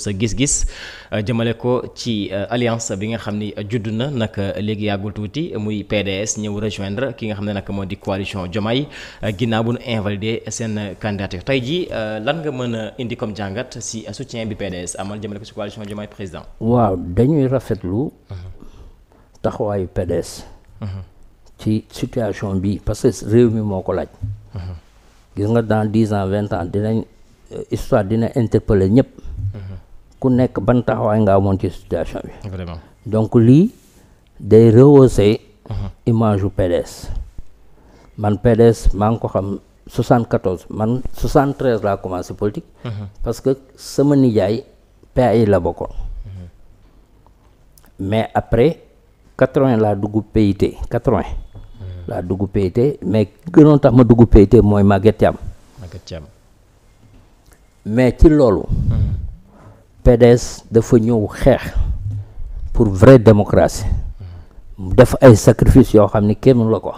sa gis-gis euh, jëmale ko ci euh, alliance bi nga xam ni judd na nag euh, léegi yàggul tuuti muy PDS ñëw rejoindre ki nga xam ne nag moo di coalition Diomaye ginnaaw bu nu invalidé seen candidature tey jii lan nga mën a indi comme jàngat si soutien bi PDS amal jëmale ko si coalition Diomaye président. waaw dañuy rafetlu taxawaayu PDS. ci situation bi parce que réew mi moo ko laaj. Mhm. gis nga dans dix ans histoire dina interpeller ñëpp. ku nekk ban taxawaay nga amoon ci situation bi. donc lii day rehausser mhm. image u PDS. man PDS maa ngi ko xam 74 man 73 laa commencé politique. Mhm. parce que sama nijaay PAI la bokkoon. Mhm. mais après 80 laa dugg PIT 80. laa dugg PIT mais gënoon tax ma dugg PIT mooy Maguette Thiam. Maguette mais ci loolu. PDS dafa ñëw xeex pour vraie démocratie def ay sacrifices yoo xam ni kenn la ko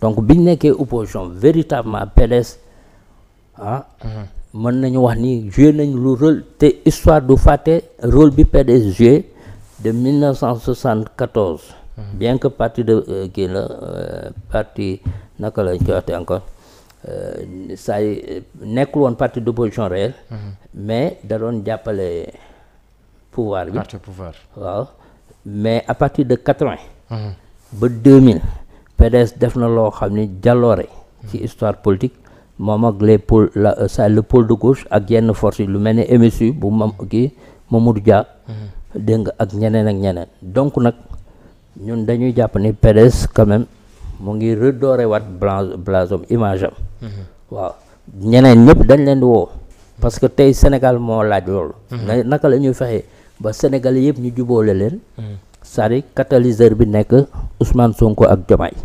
donc biñ nekkee opposition véritablement pedes ah. Mhm. mën nañu wax ni joué nañ lu rôle te histoire du fàtte rôle bi PDS joué de 1974. Mhm. bien que parti de euh, kii la euh, parti naka lañ koy waxte encore euh, saa yi nekkul woon parti d'opposition réelle mhm. mais da doon jàppale pouvoir bi parti waaw mais à partir de quatre-vingt mhm. ba deux mille PDS def na loo xam ni jàlloore ci histoire politique moom ak les pôles la euh, ça le pôle de gauche ak yenn force yi lu mel ne MSU bu mam kii Mamadou Dia mhm. dégg nga ak ñeneen ak ñeneen donc nag ñun dañuy jàpp ni PDS quand même mu ngi redoré waat blason image am mhm. waaw ñeneen ñëpp dañ leen di woo parce que tey Sénégal moo laaj loolu naka la ñuy ba Sénégal yëpp ñu juboole leen. Hmm. cest à bi nekk Ousmane Sonko ak Diomaye.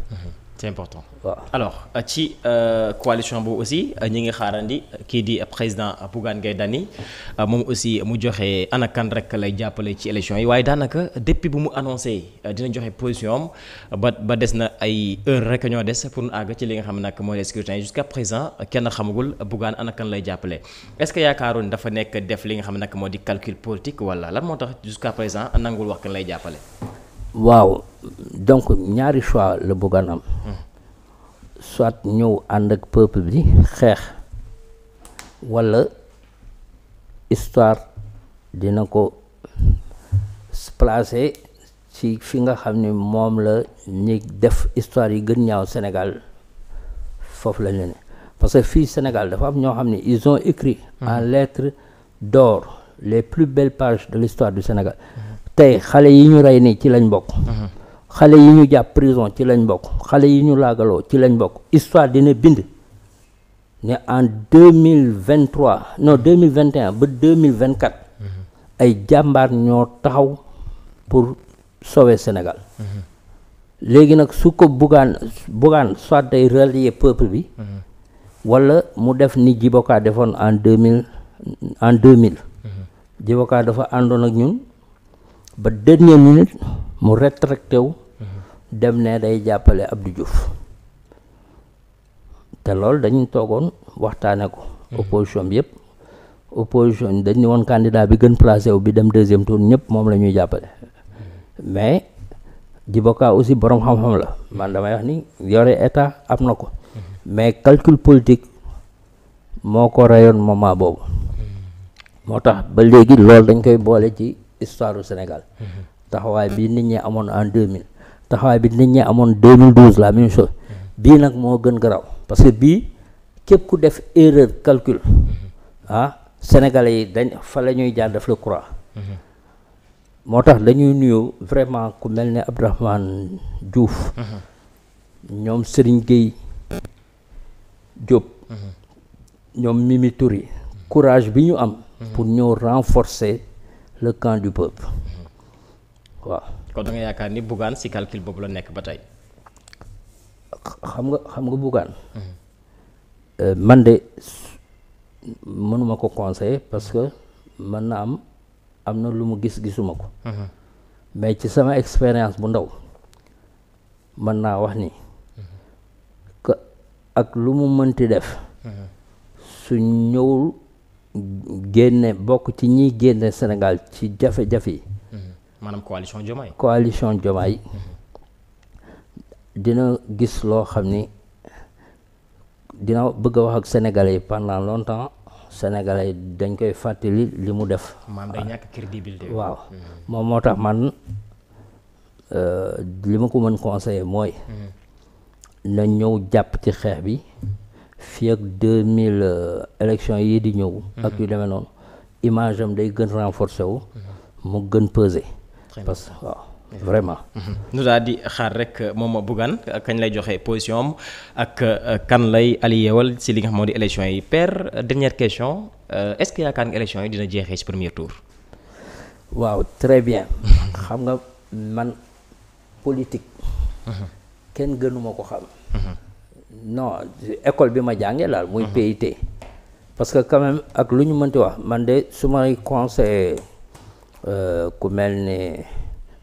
c'est important waaw alors ci euh, coalition boobu aussi euh, ñu ngi xaarandi euh, kii di président Bougane Gueye dani moom aussi mu joxe ana rek lay jàppale ci élection yi waaye daanaka depuis bu mu annoncé dina joxe position am ba des na ay heure rek ñoo des pour ñu àgg ci li nga xam ne nag mooy les scrutins jusqu'à présent kenn xamagul Bougane ana lay jàppale est-ce que yaakaaroon dafa nekk def li nga xam ne nag moo di calcul politique wala lan moo tax jusqu'à présent nangul wax lay jàppale waaw donc ñaari choix la bëggoon am. Hmm. soit ñëw ànd ak peuple bi xeex walla histoire dina ko placer ci fi nga xam ni moom la ñi def histoire yi gën ñaaw Sénégal foofu la ñu parce que fii Sénégal dafa am ñoo xam ne ils ont écrit en hmm. lettres d'or les plus belles pages de l'histoire du Sénégal. Hmm. tey xale yi ñu rey nii ci lañ bokk. Mhm. xale yi ñu jàpp prison ci lañ bokk xale yi ñu laagaloo ci lañ bokk histoire dina bind ne en deux mille vingt trois non deux mille vingt et ba deux mille vingt quatre mhm. ay jàmbaar ñoo taxaw pour sauver Sénégal. Mhm. léegi nag su ko buggaan buggaan soit day rallier peuple bi. wala mu def ni Djibo Ka defoon en deux mille en deux mille. Djibo dafa àndoon ak ñun. ba dernière minute mu rétracté wu dem ne day jàppale ab du Diouf te loolu dañu toogoon waxtaane ko hmm. opposition bi yëpp opposition dañ ni woon kandidaa bi gën placé wu bi dem deuxième tour ñëpp moom la ñuy jàppale mais Djiboka aussi borom xam-xam la man damay wax ni yore état am na ko hmm. mais calcul politique moo ko rayoon moment boobu hmm. moo tax ba léegi loolu dañ koy boole ci histoire du Sénégal mhm. taxawaay bi nit ñi amoon en 2000 taxawaay bi nit ñi amoon 2012 la même chose mhm. bii nag moo gën garaaw parce que bii képp ku def erreur calcul mhm. ah yi dañ fa la ñuy jaar daf la croix moo tax dañuy nuyu vraiment ku mel ne Abdourahmane Diouf ñoom Serigne Gueye Diop ñoom Mimi Touré courage bi ñu am pour ñëw renforcer le camp du peuple waaw. kon da yaakaar ni Bougane si calcul boobu la nekk ba tey. xam nga xam nga Bougane. Mhm. Euh, man de mënuma ko conseiller parce que man na am am na lu mu gis gisuma ko. Mhm. mais ci sama expérience bu ndaw mën naa wax ni. Mhm. que ak lu mu mënti def. su ñëwul. génne bokk ci ñi génne Sénégal ci jafe-jafe yi. Mm-hmm. maanaam coalition Diomaye. coalition Diomaye mm-hmm. dina gis loo xam ni dina bëgg a wax ak sénégalais yi pendant longtemps sénégalais yi dañ koy fàttali li mu def. maam day ñàkk crédibilité. waaw mm-hmm. moom moo tax man euh, li ma ko mën conseiller mooy. na ñëw jàpp ci xeex bi. fii ak deux mille euh, élections yii di ñëw. Mhm. ak yu demee noonu image am day gën renforcer wu. Mhm. mu gën peser. parce que waaw vraiment. Mhm. nu daal di xaar rek euh, moom Bougane kañ lay joxe position ak euh, kan lay alliéewal si li nga xam moo di élections yi père dernière question est-ce que nga élections yi dina jeexee si premier tour. waaw très bien xam nga man politique. kenn gënuma ko xam. non école bi ma jàngee laal muy mhm. PIT parce que quand ak lu ñu mënti wax man de su may conseillé euh, ku mel ni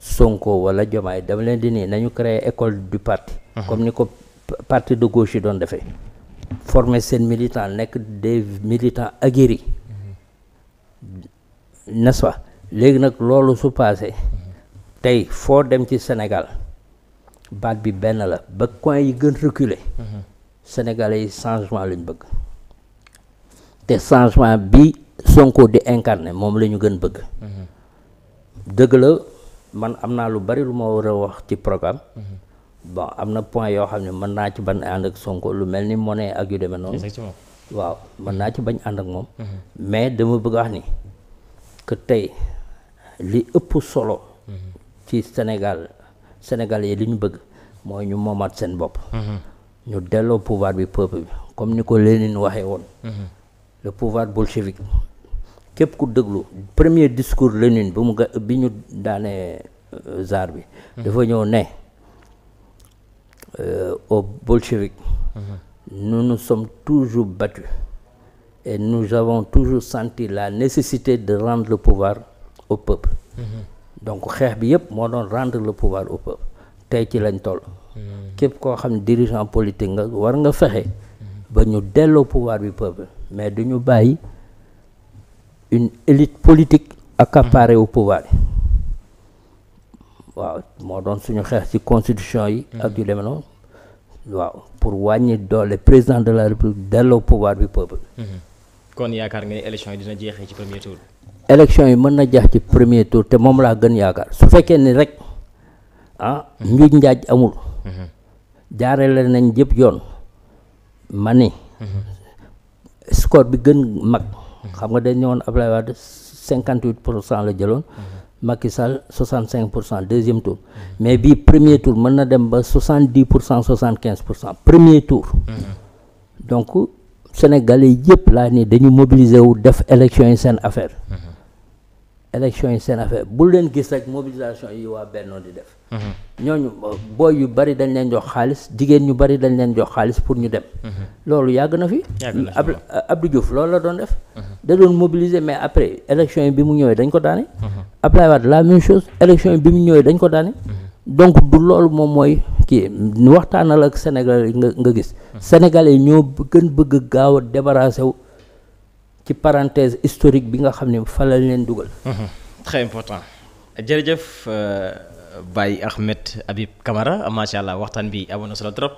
Sonko wala Diomaye dama leen di nii nañu créer école du parti mhm. comme ni ko parti de gauche yi doon defee former seen militant nekk des militants aguerris n'est-ce léegi nag loolu su passé mhm. tey foo dem ci Sénégal baat bi benn la ba coin yi gën reculer mhm. sénégalais yi changement lañ bëgg te changement bi Sonko di incarné moom lañu gën bëgg mhm. dëgg la man am naa lu bari lu ma war a wax ci programme mhm. bon am na point yoo xam ne mën naa ci bañ ànd ak Sonko lu mel ni monnaie ak yu waaw mën naa ci bañ ànd ak moom mais dama bëgg wax ni que tey li ëpp solo ci Sénégal sénégalais yi li ñu bëgg mooy ñu moomaat seen bopp. Mhm. ñu delloo pouvoir bi peuple bi comme ni ko Lénine waxee woon. Mhm. le pouvoir bolchevique képp ku déglu premier discours Lénine bi mu ga bi ñu daanee euh, zar bi. Mhm. dafa ñëw ne euh, aux bolcheviques. nous nous sommes toujours battus et nous avons toujours senti la nécessité de rendre le pouvoir au peuple. donc xeex bi yëpp moo doon rendre la pouvoir au peuple tey ci lañ toll. képp koo xam ne dirigeant politique nga war nga fexe. ba ñu delloo pouvoir bi peuple mais du ñu bàyyi une élite politique. accaparée au pouvoir yi. waaw moo doon suñu xeex ci constitution yi. ak yu demee noonu. waaw pour wàññi doole président de la république delloo pouvoir bi peuple. kon yaakaar nga ni élection yi dina jeexee ci premier tour. élection yi mën na jeex ci premier tour te moom laa gën yaakaar su fekkee ni rek ah. njaaj amul. Mhm. jaarale nañ jëpp yoon ma ni. Mhm. score bi gën mag. Mhm. xam nga dañ ne woon Ablaye Wade cinquante huit pour cent la jëloon. Macky Sall soixante cinq pour cent deuxième tour. mais bi premier tour mën na dem ba soixante dix pour cent soixante quinze pour cent premier tour. donc. yi yëpp laa ni dañu mobiliser wu def élection yi seen affaire mhm. élection yi seen affaire bu leen gis rek mobilisation yi waa Benno di def mhm. ñooñu booy yu bari dañ leen jox xaalis jigéen ñu bari dañ leen jox xaalis pour ñu dem mhm. loolu yàgg na fi ab Abdou Diouf loolu la doon def da doon mobiliser mais après élection yi bi mu ñëwee dañ ko daane Abdoulaye Wade la même chose élection yi bi mu ñëwee dañ ko daane donc du loolu moom mooy kii waxtaanal ak Sénégal yi nga nga gis sénégalais ñoo bëgg bëgg gaaw a débarrassé wu ci parenthèse historique bi nga xam ne fa la leen dugal très important jërëjëf euh, Baye Ahmed Habib Camara macha allah waxtaan bi amoon na solo trop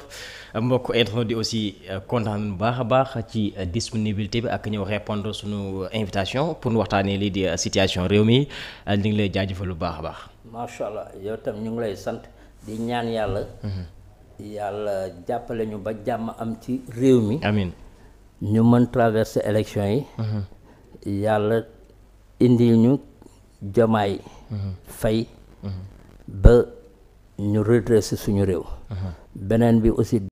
mbokk internet di aussi euh, kontaan bu baax a baax ci disponibilité bi ak ñëw répondre sunu invitation pour ñu waxtaanee lii di situation réew mi ñu ngi lay jaajëfal lu baax a baax. macha allah yow tam ñu ngi lay sant. di ñaan yàlla. Mhm. yàlla jàppale ñu ba jàmm am ci réew mi. amiin ñu mën traverser élection yi. Mhm. yàlla indi ñu jomaay. Mhm. fay. ba ñu redresser suñu réew. beneen bi aussi.